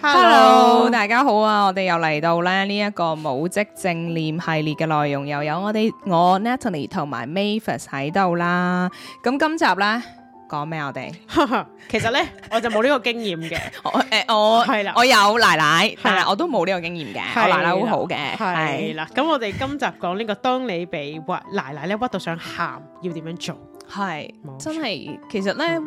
Hello，大家好啊！我哋又嚟到咧呢一個母職正念系列嘅內容，又有我哋我 Natalie 同埋 Mavis 喺度啦。咁今集咧講咩？我哋其實咧我就冇呢個經驗嘅。我誒，我係啦，我有奶奶，但係我都冇呢個經驗嘅。我奶奶好好嘅，係啦。咁我哋今集講呢個，當你被屈奶奶咧屈到想喊，要點樣做？係真係，其實咧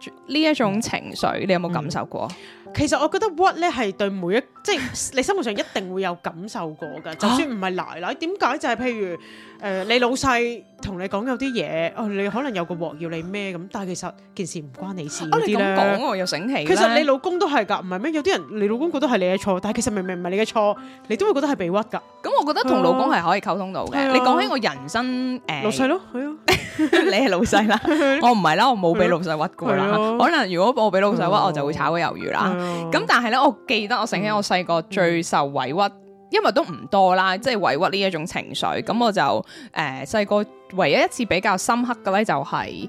屈呢一種情緒，你有冇感受過？其實我覺得屈咧係對每一即係、就是、你生活上一定會有感受過噶，啊、就算唔係奶奶，點解就係譬如誒、呃、你老細同你講有啲嘢，哦你可能有個鑊要你咩咁，但係其實件事唔關你事你，咁講我又醒起，其實你老公都係噶，唔係咩？有啲人你老公覺得係你嘅錯，但係其實明明唔係你嘅錯，你都會覺得係被屈噶。咁我覺得同老公係可以溝通到嘅。啊、你講起我人生誒、啊、老細咯。哎 你係老細啦， 啦，我唔係啦，我冇俾老細屈過啦。可能如果我俾老細屈，嗯、我就會炒個魷魚啦。咁、嗯、但係咧，我記得我醒起我細個最受委屈，嗯、因為都唔多啦，即係委屈呢一種情緒。咁我就誒細個唯一一次比較深刻嘅咧就係。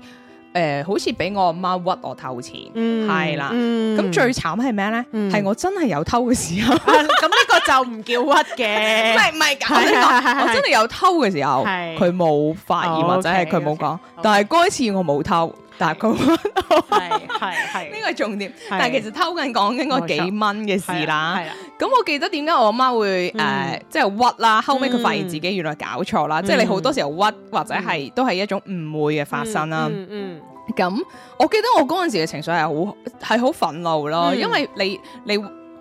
誒，好似俾我阿媽屈我偷錢，係啦，咁最慘係咩咧？係我真係有偷嘅時候，咁呢個就唔叫屈嘅，唔係唔係，我真係有偷嘅時候，佢冇發現或者係佢冇講，但係嗰一次我冇偷，但係佢屈，係係呢個係重點，但係其實偷緊講緊個幾蚊嘅事啦。咁我記得點解我阿媽會誒，即係屈啦，後尾佢發現自己原來搞錯啦，即係你好多時候屈或者係都係一種誤會嘅發生啦。嗯。咁我記得我嗰陣時嘅情緒係好係好憤怒咯，因為你你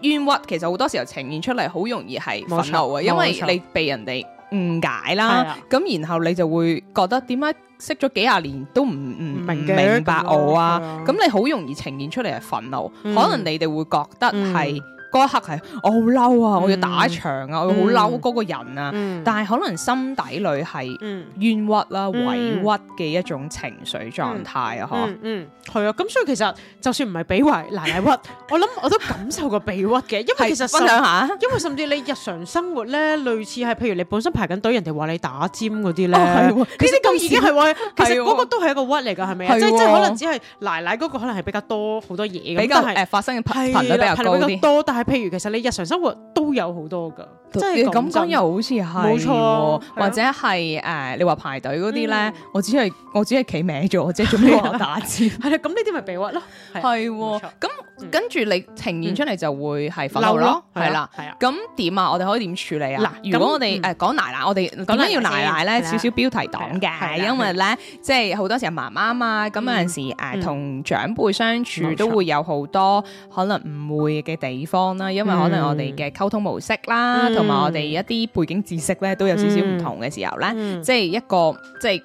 冤屈，其實好多時候呈現出嚟好容易係憤怒啊，因為你被人哋誤解啦，咁然後你就會覺得點解識咗幾廿年都唔唔明明白我啊？咁你好容易呈現出嚟係憤怒，可能你哋會覺得係。嗰一刻係我好嬲啊，我要打場啊，我好嬲嗰個人啊。但係可能心底裏係冤屈啦，委屈嘅一種情緒狀態啊。嗬，嗯，係啊。咁所以其實就算唔係俾懷奶奶屈，我諗我都感受過被屈嘅，因為其實分享下，因為甚至你日常生活咧，類似係譬如你本身排緊隊，人哋話你打尖嗰啲咧，其實，咁已經係話，其實嗰個都係一個屈嚟㗎，係咪？即即可能只係奶奶嗰個可能係比較多好多嘢，比較誒發生頻頻率比較高多，但係，譬如其實你日常生活都有好多噶。即係咁講又好似係，冇錯，或者係誒你話排隊嗰啲咧，我只係我只係企歪咗，即係做咩打折？係啊，咁呢啲咪被屈咯？係，咁跟住你呈現出嚟就會係分流咯，係啦。係啊，咁點啊？我哋可以點處理啊？嗱，如果我哋誒講奶奶，我哋講緊要奶奶咧，少少標題黨嘅，係因為咧即係好多時候媽媽嘛，咁有陣時誒同長輩相處都會有好多可能誤會嘅地方啦，因為可能我哋嘅溝通模式啦。同埋我哋一啲背景知識咧都有少少唔同嘅時候咧、嗯，即係一個即係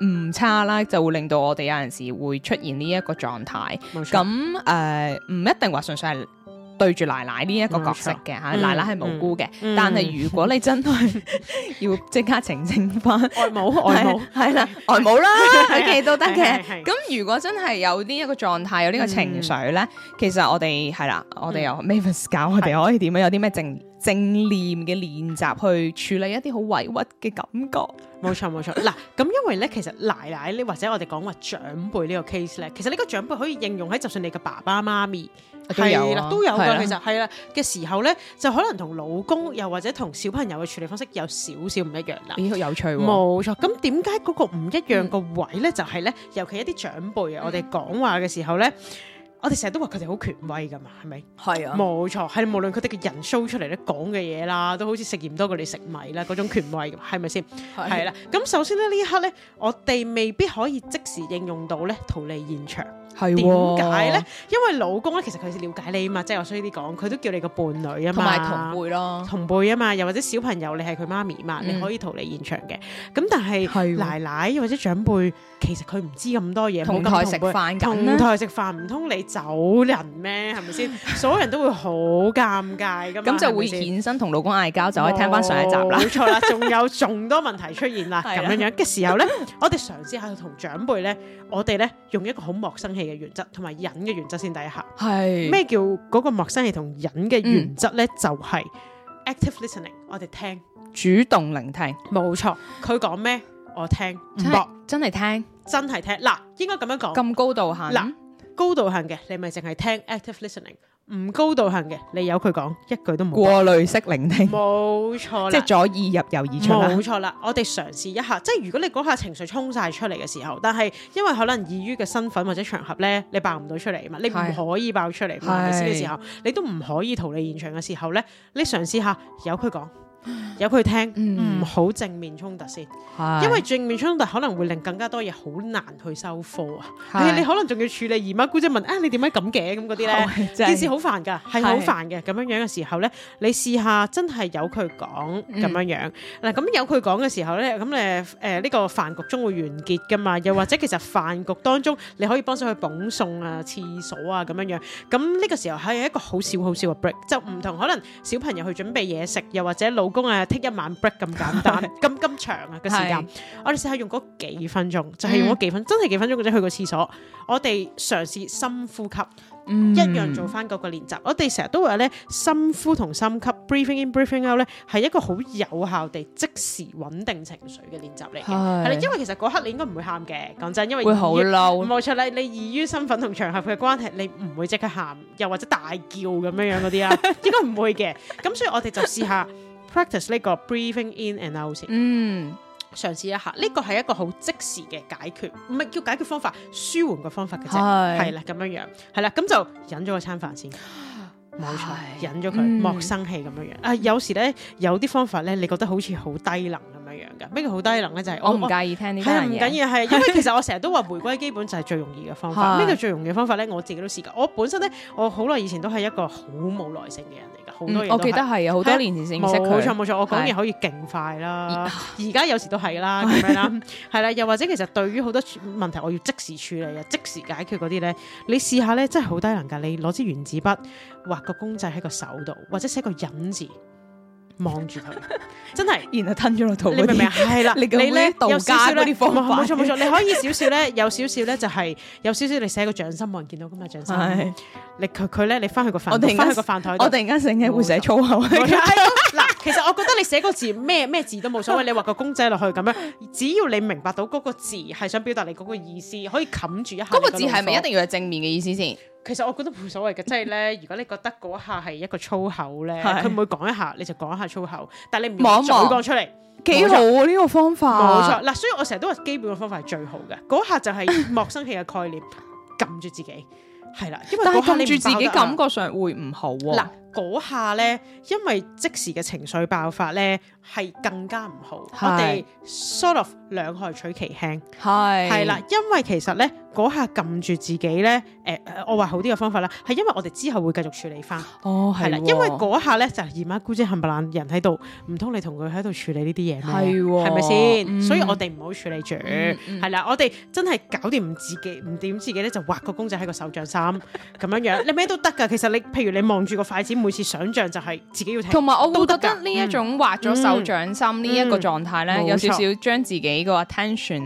誤差啦，就會令到我哋有陣時會出現呢一個狀態。咁誒，冇錯，唔、呃、唔一定話純粹係。對住奶奶呢一個角色嘅吓，冇錯嗯、奶奶係無辜嘅，嗯、但係如果你真係、嗯、 要即刻澄清翻外母外母係啦，外母啦 OK 都得嘅。咁如果真係有呢一個狀態，嗯、有呢個情緒咧，其實我哋係啦，我哋有 Mavis 教我哋可以點樣有啲咩正正念嘅練習去處理一啲好委屈嘅感覺？冇錯冇錯。嗱咁，因為咧，其實奶奶呢或者我哋講話長輩呢個 case 咧，其實呢個長輩可以應用喺就算你嘅爸爸媽咪。係啦，都有噶，其實係啦嘅時候咧，就可能同老公又或者同小朋友嘅處理方式有少少唔一樣啦。咦，好有趣！冇錯，咁點解嗰個唔一樣個位咧，就係咧，尤其一啲長輩啊，我哋講話嘅時候咧，我哋成日都話佢哋好權威噶嘛，係咪？係啊，冇錯，係無論佢哋嘅人 show 出嚟咧，講嘅嘢啦，都好似食鹽多過你食米啦，嗰種權威，係咪先？係啦，咁首先咧呢一刻咧，我哋未必可以即時應用到咧，逃離現場。係點解咧？因為老公咧，其實佢了解你嘛，即係我衰啲講，佢都叫你個伴侶啊嘛，同埋同輩咯，同輩啊嘛，又或者小朋友，你係佢媽咪嘛，你可以逃離現場嘅。咁但係奶奶又或者長輩，其實佢唔知咁多嘢，同台食飯，同台食飯唔通你走人咩？係咪先？所有人都會好尷尬噶，咁就會現身同老公嗌交，就可以聽翻上一集啦。冇錯啦，仲有眾多問題出現啦，咁樣樣嘅時候咧，我哋嘗試下同長輩咧，我哋咧用一個好陌生。嘅原則同埋人嘅原則先第一下，係咩是叫嗰個陌生人同人嘅原則呢？嗯、就係 active listening，我哋聽主動聆聽，冇錯錯。佢講咩我聽，真的博真係聽，真係聽。嗱，應該咁樣講，咁高度行，嗱高度行嘅，你咪淨係聽 active listening。唔高度行嘅，你由佢講一句都冇。過濾式聆聽，冇錯啦，即係左耳入右耳出。冇錯啦，我哋嘗試一下，即係如果你嗰下情緒衝晒出嚟嘅時候，但係因為可能異於嘅身份或者場合呢，你爆唔到出嚟啊嘛，你唔可以爆出嚟唔係嘅時候，是你都唔可以逃離現場嘅時候呢，你嘗試下由佢講。有佢聽，唔好、嗯、正面衝突先，是因為正面衝突可能會令更加多嘢好難去收科啊。是是你可能仲要處理姨媽姑姐問啊、哎，你點解咁嘅咁嗰啲咧，件事好煩噶，係好煩嘅。咁是樣樣嘅時候咧，你試下真係由佢講咁樣樣。嗱、嗯，咁由佢講嘅時候咧，咁誒誒呢個飯局中會完結噶嘛？又或者其實飯局當中，你可以幫手去捧餸啊、廁所啊咁樣樣。咁呢個時候係一個好少好少嘅 break、嗯、就唔同可能小朋友去準備嘢食，又或者老工啊，take 一晚 break 咁簡單，咁咁長啊嘅時間，我哋試下用嗰幾分鐘，就係用嗰幾分真係幾分鐘，或者去個廁所，我哋嘗試深呼吸，一樣做翻嗰個練習。我哋成日都話咧，深呼同深吸，breathing in，breathing out 咧，係一個好有效地即時穩定情緒嘅練習嚟嘅，係啦，因為其實嗰刻你應該唔會喊嘅，講真，因為會好嬲冇錯啦。你異於身份同場合嘅關係，你唔會即刻喊又或者大叫咁樣樣嗰啲啦，應該唔會嘅。咁所以我哋就試下。Practice 呢、這個 breathing in and out 先，嗯，嘗試一下，呢、這個係一個好即時嘅解決，唔係叫解決方法，舒緩個方法嘅啫，係啦是，咁樣樣，係啦，咁就忍咗個餐飯先，冇錯，忍咗佢，嗯、莫生氣咁樣樣。啊，有時咧，有啲方法咧，你覺得好似好低能咁樣樣噶，咩叫好低能咧？就係、是、我唔介意聽呢樣唔緊要，是係 因為其實我成日都話回歸基本就係最容易嘅方法，呢個的最容易嘅方法咧？我自己都試過，我本身咧，我好耐以前都係一個好冇耐性嘅人嚟。多嗯、我記得係啊，好是多年前先認識佢。冇錯冇錯，我講嘢可以勁快啦。而家是 有時都係啦，咁樣啦，係 啦。又或者其實對於好多問題，我要即時處理啊， 即時解決嗰啲咧，你試下咧，真係好低能㗎。你攞支原子筆畫個公仔喺個手度，或者寫個忍字。望住佢，真係，然後吞咗落肚，明唔明啊？係啦，你咧又少少呢方法。冇錯冇錯，你可以少少咧，有少少咧就係有少少你寫個掌心冇人見到噶嘛掌心，你佢佢咧你翻去個飯翻去個飯台我突然間醒起會寫粗口。嗱，其實我覺得你寫個字咩咩字都冇所謂，你畫個公仔落去咁樣，只要你明白到嗰個字係想表達你嗰個意思，可以冚住一下。嗰個字係咪一定要係正面嘅意思先？其實我覺得冇所謂嘅，即係咧，如果你覺得嗰下係一個粗口咧，佢唔會講一下，你就講一下粗口，但係你唔要再講出嚟，幾好啊，呢個方法。冇錯，嗱，所以我成日都話基本嘅方法係最好嘅，嗰下就係莫生氣嘅概念撳住 自己，係啦，因為我下撳住自己感覺上會唔好啊。嗰下呢，因為即時嘅情緒爆發呢，係更加唔好。我哋 sort of 兩害取其輕，係係啦，因為其實呢，嗰下撳住自己呢，誒，我話好啲嘅方法啦，係因為我哋之後會繼續處理返。哦，係啦，因為嗰下呢，就姨媽姑姐冚唪唥人喺度，唔通你同佢喺度處理呢啲嘢咩？係喎，係咪先？所以我哋唔好處理住，係啦，我哋真係搞掂唔自己唔掂自己呢，就畫個公仔喺個手掌心。咁樣樣，你咩都得㗎。其實你譬如你望住個筷子。每次想象就係自己要聽，同埋我會覺得呢一種劃咗手掌心呢一個狀態咧，有少少將自己個 attention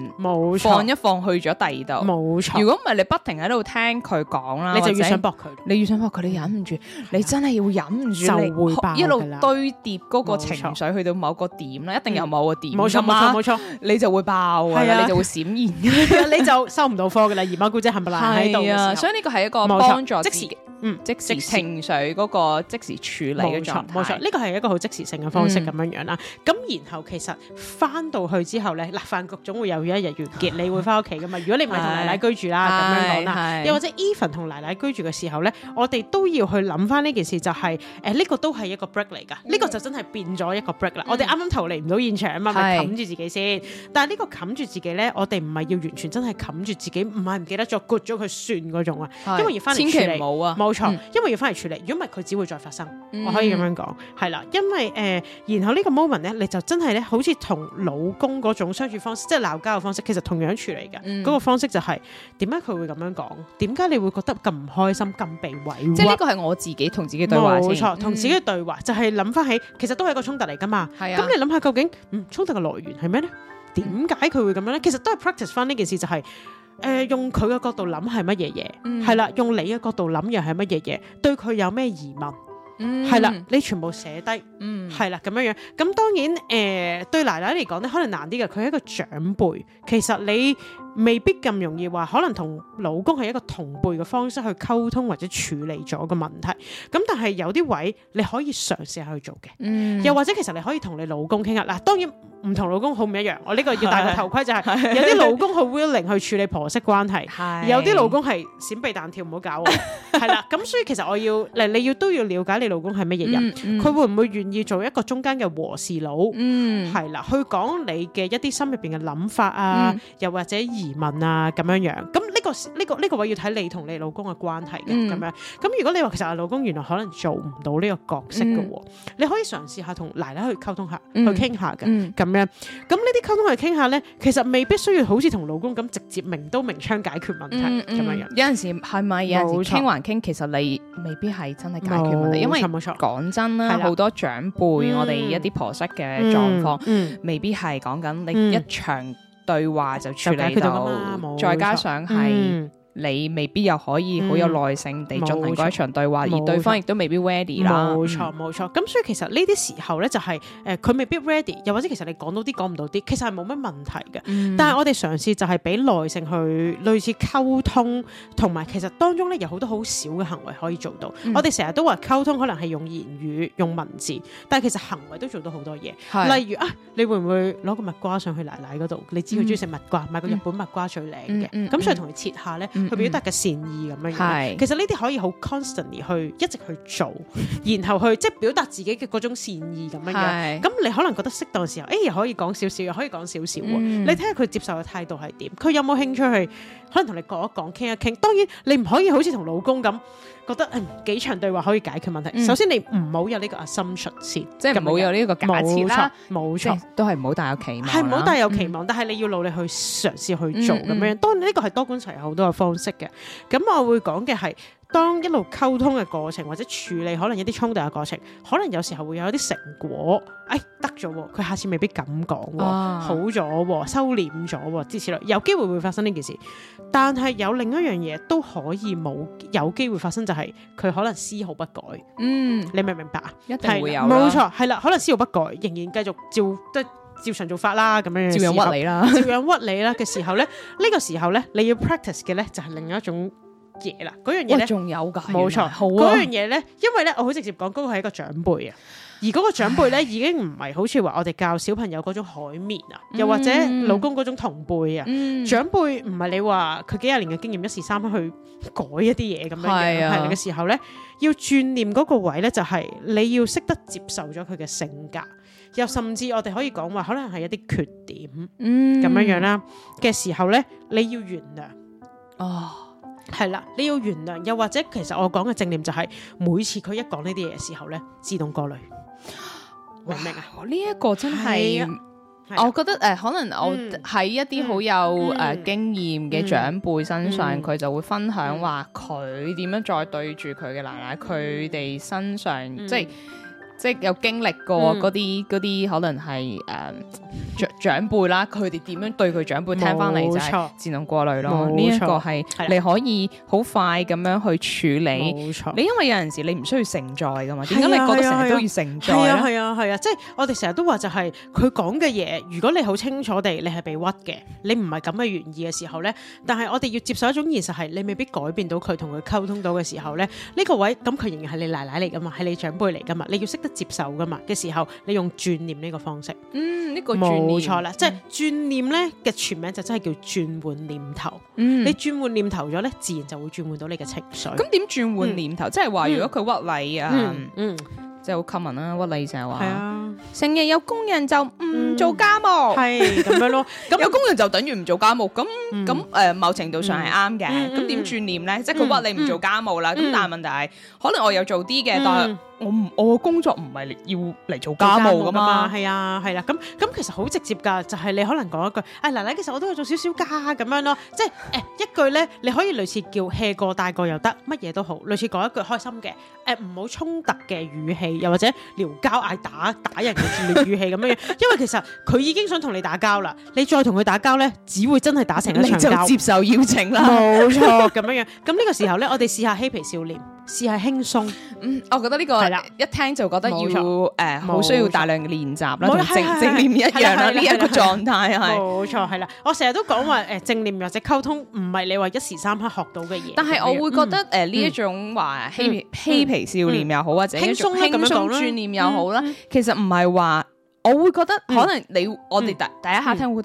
放一放去咗第二度。冇錯，如果唔係你不停喺度聽佢講啦，你就越想搏佢，你越想搏佢，你忍唔住，你真係要忍唔住，就會一路堆疊嗰個情緒去到某個點啦，一定有某個點，冇錯冇錯冇錯，你就會爆，係啊，你就會閃現，你就收唔到科噶啦，姨媽姑姐係咪喺度啊，所以呢個係一個幫助，即時。嗯，即時情緒嗰個即時處理嘅狀態，冇錯，冇錯，呢個係一個好即時性嘅方式咁樣樣啦。咁然後其實翻到去之後咧，嗱，飯局總會有一日完結，你會翻屋企噶嘛？如果你唔係同奶奶居住啦，咁樣講啦，又或者 even 同奶奶居住嘅時候咧，我哋都要去諗翻呢件事，就係誒呢個都係一個 break 嚟噶，呢個就真係變咗一個 break 啦。我哋啱啱逃離唔到現場啊嘛，冚住自己先。但係呢個冚住自己咧，我哋唔係要完全真係冚住自己，唔係唔記得咗，割咗佢算嗰種啊，因為要翻嚟千祈冇啊。冇錯，錯嗯、因為要翻嚟處理，如果唔係佢只會再發生。嗯、我可以咁樣講，係啦，因為誒、呃，然後呢個 moment 咧，你就真係咧，好似同老公嗰種相處方式，即係鬧交嘅方式，其實同樣處理嘅嗰、嗯、個方式就係點解佢會咁樣講？點解你會覺得咁唔開心、咁被委屈？即係呢個係我自己同自己對話，冇錯錯，同、嗯、自己對話就係諗翻起，其實都係一個衝突嚟噶嘛。咁、啊、你諗下究竟，嗯，衝突嘅來源係咩咧？點解佢會咁樣咧？其實都係 practice 翻呢件事，就係、是。誒、呃，用佢嘅角度諗係乜嘢嘢，係啦、嗯，用你嘅角度諗又係乜嘢嘢，對佢有咩疑問？係啦、嗯，你全部寫低，係啦、嗯，咁樣樣，咁當然誒、呃，對奶奶嚟講咧，可能難啲嘅，佢係一個長輩，其實你。未必咁容易話，可能同老公係一個同輩嘅方式去溝通或者處理咗個問題。咁但係有啲位你可以嘗試下去做嘅。又或者其實你可以同你老公傾下嗱，當然唔同老公好唔一樣。我呢個要戴個頭盔就係有啲老公好 willing 去處理婆媳關係，有啲老公係閃避彈跳，唔好搞我。係啦，咁所以其實我要嗱，你要都要了解你老公係乜嘢人，佢會唔會願意做一個中間嘅和事佬？係啦，去講你嘅一啲心入邊嘅諗法啊，又或者而疑問啊，咁樣樣，咁呢個呢個呢個位要睇你同你老公嘅關係嘅，咁樣。咁如果你話其實阿老公原來可能做唔到呢個角色嘅，你可以嘗試下同奶奶去溝通下，去傾下嘅，咁樣。咁呢啲溝通去傾下咧，其實未必需要好似同老公咁直接明刀明槍解決問題咁樣樣。有陣時係咪？有陣時傾還傾，其實你未必係真係解決問題。因為講真啦，係好多長輩，我哋一啲婆媳嘅狀況，未必係講緊你一場。對話就處理到，就冇再加上係。嗯你未必又可以好有耐性地進行，嗯、進行一場對話，錯而對方亦都未必 ready 啦。冇錯，冇錯，咁所以其實呢啲時候咧，就係誒佢未必 ready，又或者其實你講到啲講唔到啲，其實係冇乜問題嘅。嗯、但係我哋嘗試就係俾耐性去類似溝通，同埋其實當中咧有好多好小嘅行為可以做到。嗯、我哋成日都話溝通可能係用言語用文字，但係其實行為都做到好多嘢。是 例如啊，你會唔會攞個蜜瓜上去奶奶嗰度？你知佢中意食蜜瓜，買個日本蜜瓜最靚嘅，咁、嗯嗯嗯嗯、所以同佢切下咧。嗯嗯佢表達嘅善意咁樣，嗯、其實呢啲可以好 constantly 去一直去做，然後去即係、就是、表達自己嘅嗰種善意咁樣。咁 你可能覺得適當時候，哎，可以講少少，又可以講少少。嗯、你睇下佢接受嘅態度係點？佢有冇興趣去，可能同你講一講，傾一傾。當然，你唔可以好似同老公咁。覺得誒、嗯、幾場對話可以解決問題。嗯、首先你唔好有呢個 assumption 先，即係冇有呢個假設啦，冇錯，錯都係唔好帶有期望。望。係唔好帶有期望，嗯、但係你要努力去嘗試去做咁、嗯嗯、樣。當然呢個係多管齊，有好多嘅方式嘅。咁我會講嘅係。當一路溝通嘅過程，或者處理可能一啲衝突嘅過程，可能有時候會有一啲成果，哎，得咗，佢下次未必咁講，哇好咗，收斂咗，至此咯，有機會會發生呢件事，但係有另一樣嘢都可以冇，有機會發生就係、是、佢可能絲毫不改，嗯，你明唔明白啊？一定會有，冇錯，係啦，可能絲毫不改，仍然繼續照都照常做法啦，咁樣，照樣屈你啦，照樣屈你啦嘅時候咧，呢 個時候咧，你要 practice 嘅咧就係另一種。嘢啦，嗰樣嘢咧，仲有㗎，冇錯，嗰樣嘢咧，因為咧，我好直接講，嗰、嗰個係一個長輩啊。而嗰個長輩咧，已經唔係好似話我哋教小朋友嗰種海綿啊，唉又或者老公嗰種同輩啊。嗯、長輩唔係你話佢幾廿年嘅經驗一時三刻去改一啲嘢咁樣嘅時候咧，要轉念嗰個位咧，就係你要識得接受咗佢嘅性格，又甚至我哋可以講話可能係一啲缺點，嗯，咁樣樣啦嘅時候咧，你要原諒哦。係啦，你要原諒，又或者其實我講嘅正念就係、是、每次佢一講呢啲嘢嘅時候呢，自動過濾，明唔明啊？呢一、這個真係，啊啊、我覺得誒、呃，可能我喺一啲好有誒、嗯呃、經驗嘅長輩身上，佢、嗯嗯、就會分享話佢點樣再對住佢嘅奶奶，佢哋、嗯、身上即係。嗯就是即係有經歷過嗰啲嗰啲，嗯、可能係誒長長輩啦，佢哋點樣對佢長輩聽翻嚟就係自動過濾咯。呢一個係你可以好快咁樣去處理。冇錯，你因為有陣時你唔需要承載噶嘛？點解你覺得成日都要承載啊？係啊，係啊，啊啊呵呵即係我哋成日都、就係、話就係佢講嘅嘢，如果你好清楚地你係被屈嘅，你唔係咁嘅原意嘅時候咧，但係我哋要接受一種現實係你未必改變到佢同佢溝通到嘅時候咧，呢、呢個位咁佢仍然係你奶奶嚟噶嘛，係你長輩嚟噶嘛，你要，你要識得。接受噶嘛？嘅時候你用轉念呢個方式，嗯，呢個轉念冇錯啦，即係轉念咧嘅全名就真係叫轉換念頭。你轉換念頭咗咧，自然就會轉換到你嘅情緒。咁點轉換念頭？即係話如果佢屈你啊，嗯，即係好 common 啦，屈你就係話，成日有工人就唔做家務，係咁樣咯。咁有工人就等於唔做家務，咁咁誒，某程度上係啱嘅。咁點轉念咧？即係佢屈你唔做家務啦。咁但係問題係，可能我有做啲嘅，但我唔我工作唔係要嚟做家務噶嘛，係啊，係啦，咁咁其實好直接噶，就係你可能講一句，誒奶奶，其實我都要做少少家咁樣咯，即係誒一句咧，你可以類似叫 hea 個大個又得，乜嘢都好，類似講一句開心嘅，誒唔好衝突嘅語氣，又或者撩交嗌打打人嘅語氣咁樣，因為其實佢已經想同你打交啦，你再同佢打交咧，只會真係打成一場交。就接受邀請啦，冇錯咁樣樣。咁呢個時候咧，我哋試下嬉皮笑臉，試下輕鬆。嗯，我覺得呢個。係啦，一聽就覺得要誒，好需要大量嘅練習啦，同正正念一樣啦，呢一個狀態係冇錯。係啦，我成日都講話誒，正念或者溝通唔係你話一時三刻學到嘅嘢。但係我會覺得誒，呢一種話嬉皮嬉皮笑臉又好，或者輕鬆輕鬆咁做轉念又好啦，其實唔係話，我會覺得可能你我哋第第一下聽會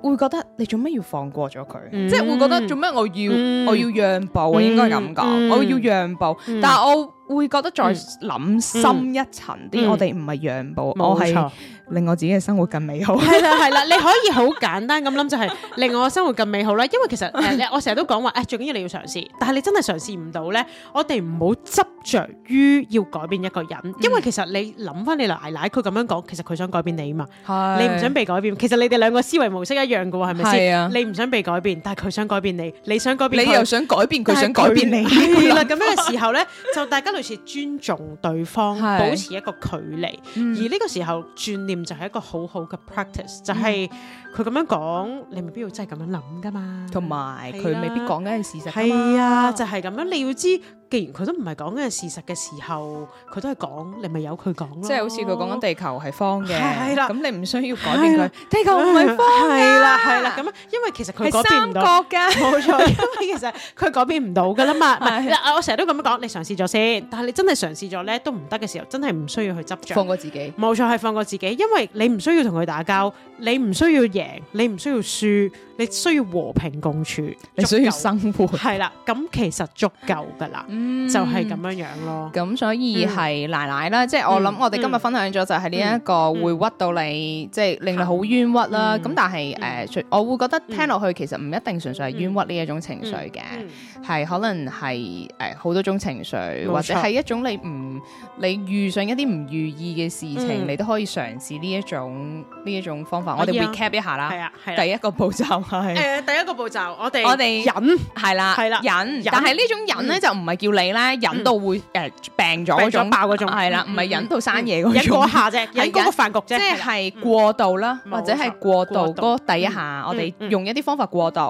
會覺得你做咩要放過咗佢？即係會覺得做咩我要我要讓步？應該咁講，我要讓步，但係我。會覺得再諗深一層啲，我哋唔係讓步，我係令我自己嘅生活更美好。係啦，係啦，你可以好簡單咁諗，就係令我嘅生活更美好啦。因為其實誒，我成日都講話誒，最緊要你要嘗試。但係你真係嘗試唔到咧，我哋唔好執著於要改變一個人，因為其實你諗翻你奶奶佢咁樣講，其實佢想改變你啊嘛。係，你唔想被改變，其實你哋兩個思維模式一樣㗎喎，係咪先？你唔想被改變，但係佢想改變你，你想改變，你又想改變佢，想改變你。係啦，咁樣嘅時候咧，就大家。類似尊重對方，是保持一個距離，嗯、而呢個時候轉念就係一個好好嘅 practice，就係佢咁樣講，嗯、你未必要真係咁樣諗㗎嘛，同埋佢未必講緊係事實，係啊，就係、是、咁樣，你要知。既然佢都唔係講嘅事實嘅時候，佢都係講，你咪由佢講咯。即係好似佢講緊地球係方嘅，咁你唔需要改變佢。地球唔係方嘅，係啦係啦，咁啊，因為其實佢改變唔到。係三角噶，冇錯。因為其實佢改變唔到噶啦嘛。嗱，我成日都咁樣講，你嘗試咗先。但係你真係嘗試咗咧，都唔得嘅時候，真係唔需要去執着，放過自己。冇錯，係放過自己，因為你唔需要同佢打交，你唔需要贏，你唔需要輸，你需要和平共處，你需要生活，係啦。咁其實足夠噶啦。就係咁樣樣咯，咁所以係奶奶啦，即係我諗我哋今日分享咗就係呢一個會屈到你，即係令你好冤屈啦。咁但係誒，我會覺得聽落去其實唔一定純粹係冤屈呢一種情緒嘅，係可能係誒好多種情緒，或者係一種你唔你遇上一啲唔如意嘅事情，你都可以嘗試呢一種呢一種方法。我哋 recap 一下啦，係啊，係第一個步驟係誒，第一個步驟我哋我哋忍係啦，係啦忍，但係呢種忍咧就唔係叫。你咧，忍到會誒病咗嗰種爆嗰種係啦，唔係忍到生嘢嗰種。忍過下啫，忍一個飯局啫，即係過度啦，或者係過度嗰抵一下。我哋用一啲方法過度。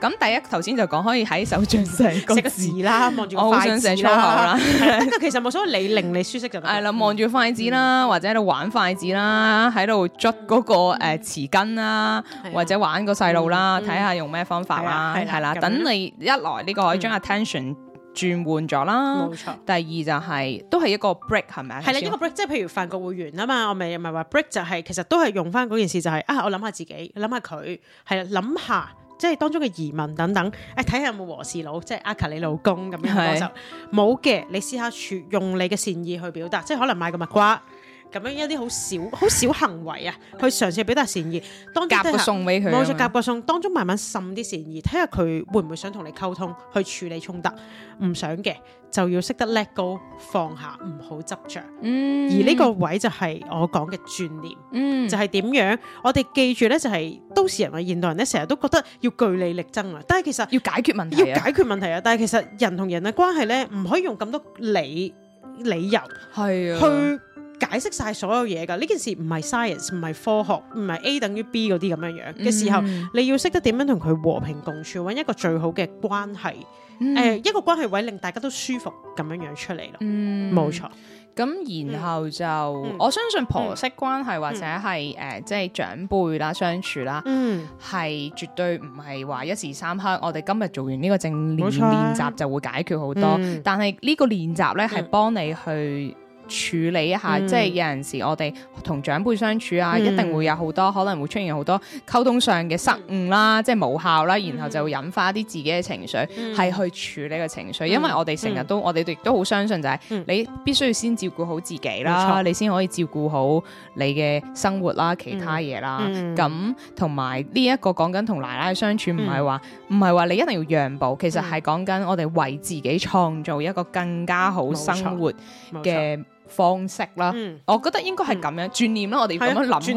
咁第一頭先就講，可以喺手上寫個字啦，望住我好想寫粗口啦。咁就其實冇所謂，你令你舒適咁。得。係啦，望住筷子啦，或者喺度玩筷子啦，喺度捉嗰個誒匙羹啦，或者玩個細路啦，睇下用咩方法啦。係啦，等你一來呢個可以將 attention。轉換咗啦，冇錯，第二就係、是、都係一個 break 係咪啊？係啦，一個 break，即係譬如飯局會完啊嘛，我咪又唔係話 break 就係、是，其實都係用返嗰件事就係、是、啊，我諗下自己，諗下佢，係啦，諗下即係當中嘅疑問等等，誒睇下有冇和事佬，即係 a r 你老公咁樣嗰時候冇嘅，你試下用你嘅善意去表達，即係可能買個蜜瓜。嗯咁樣一啲好少好少行為啊， 去嘗試表達善意，當啲真係送俾佢，望住夾個餸，個餸當中慢慢滲啲善意，睇下佢會唔會想同你溝通去處理衝突？唔想嘅就要識得 let go 放下，唔好執着。嗯、而呢個位就係我講嘅轉念，嗯、就係點樣？我哋記住呢、就是，就係都市人或現代人呢，成日都覺得要據理力爭啊，但係其實要解決問題、啊，要解決問題啊，但係其實人同人嘅關係呢，唔可以用咁多理理由係啊去。解釋晒所有嘢噶，呢件事唔係 science，唔係科學，唔係 A 等於 B 嗰啲咁樣樣嘅時候，你要識得點樣同佢和平共處，揾一個最好嘅關係，誒、嗯呃，一個關係位令大家都舒服咁樣樣出嚟咯。嗯，冇錯。咁然後就，嗯、我相信婆媳關係、嗯、或者係誒，即、呃、係、就是、長輩啦相處啦，嗯，係絕對唔係話一時三刻，我哋今日做完呢個正念沒錯練習就會解決好多。嗯、但係呢個練習咧，係幫你去處理一下，即係有陣時我哋同長輩相處啊，一定會有好多可能會出現好多溝通上嘅失誤啦，即係無效啦，然後就引發啲自己嘅情緒，係去處理個情緒。因為我哋成日都，我哋亦都好相信就係你必須要先照顧好自己啦，你先可以照顧好你嘅生活啦，其他嘢啦。咁同埋呢一個講緊同奶奶嘅相處，唔係話唔係話你一定要讓步，其實係講緊我哋為自己創造一個更加好生活嘅方式啦，我覺得應該係咁樣轉念啦，我哋要咁樣諗去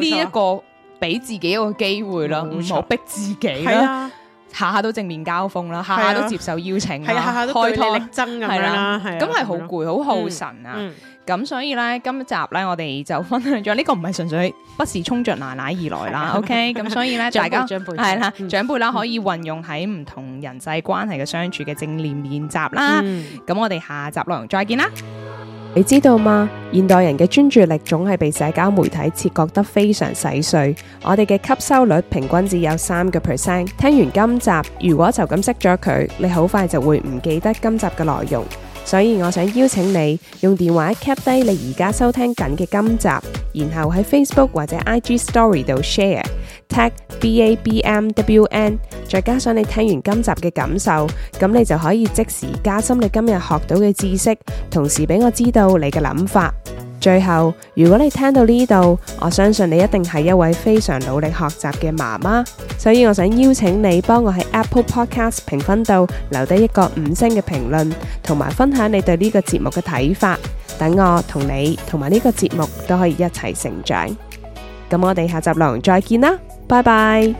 呢一個俾自己一個機會啦，唔好逼自己啦，下下都正面交鋒啦，下下都接受邀請啦，下下都開拓力爭咁樣啦，咁係好攰，好耗神啊！咁所以咧，今集咧我哋就分享咗呢個唔係純粹不是衝着奶奶而來啦，OK？咁所以咧，大家長輩係啦，長輩啦可以運用喺唔同人際關係嘅相處嘅正念練習啦。咁我哋下集內容再見啦。你知道嗎？現代人嘅專注力總係被社交媒體切割得非常細碎，我哋嘅吸收率平均只有三個 percent。聽完今集，如果就咁識咗佢，你好快就會唔記得今集嘅內容。所以我想邀請你用電話 cap 低你而家收聽緊嘅今集，然後喺 Facebook 或者 IG Story 度 share，tag B A B M W N，再加上你聽完今集嘅感受，咁你就可以即時加深你今日學到嘅知識，同時俾我知道你嘅諗法。最後，如果你聽到呢度，我相信你一定係一位非常努力學習嘅媽媽，所以我想邀請你幫我喺 Apple Podcast 評分度留低一個五星嘅評論，同埋分享你對呢個節目嘅睇法，等我同你同埋呢個節目都可以一齊成長。咁我哋下集囉，再見啦，拜拜。